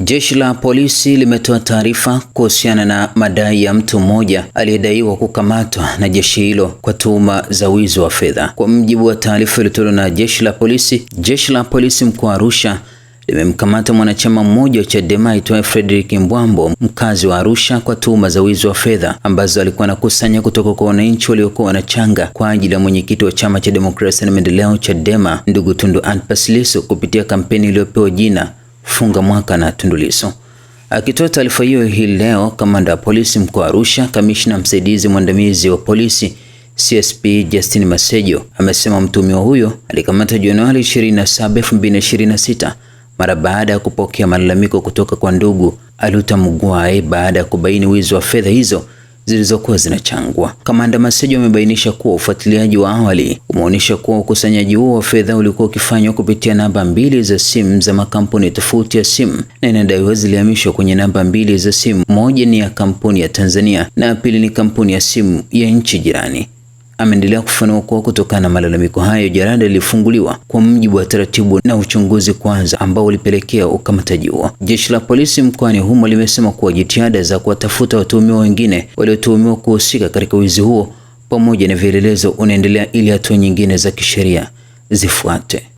Jeshi la polisi limetoa taarifa kuhusiana na madai ya mtu mmoja aliyedaiwa kukamatwa na jeshi hilo kwa tuhuma za wizi wa fedha. Kwa mjibu wa taarifa iliyotolewa na jeshi la polisi, jeshi la polisi mkoa wa Arusha limemkamata mwanachama mmoja wa Chadema aitwaye Frederick Mbwambo mkazi wa Arusha kwa tuhuma za wizi wa fedha ambazo alikuwa anakusanya kutoka kwa wananchi waliokuwa wanachanga kwa ajili ya mwenyekiti wa Chama cha Demokrasia na Maendeleo Chadema, ndugu Tundu Antipas Lissu kupitia kampeni iliyopewa jina kufunga mwaka na Tundu Lissu. Akitoa taarifa hiyo hii leo, kamanda wa polisi mkoa wa Arusha, kamishna msaidizi mwandamizi wa polisi CSP Justin Masejo amesema mtuhumiwa huyo alikamatwa Januari 27, 2026 mara baada ya kupokea malalamiko kutoka kwa ndugu Aluta Mugwai baada ya kubaini wizi wa fedha hizo zilizokuwa zinachangwa. Kamanda Masejo amebainisha kuwa ufuatiliaji wa awali umeonyesha kuwa ukusanyaji huo wa fedha ulikuwa ukifanywa kupitia namba mbili za simu za makampuni tofauti ya simu na inadaiwa zilihamishwa kwenye namba mbili za simu, moja ni ya kampuni ya Tanzania na pili ni kampuni ya simu ya nchi jirani ameendelea kufanua kuwa kutokana na malalamiko hayo, jarada lilifunguliwa kwa mujibu wa taratibu na uchunguzi kwanza ambao ulipelekea ukamataji huo. Jeshi la polisi mkoani humo limesema kuwa jitihada za kuwatafuta watuhumiwa wengine waliotuhumiwa kuhusika katika wizi huo pamoja na vielelezo unaendelea ili hatua nyingine za kisheria zifuate.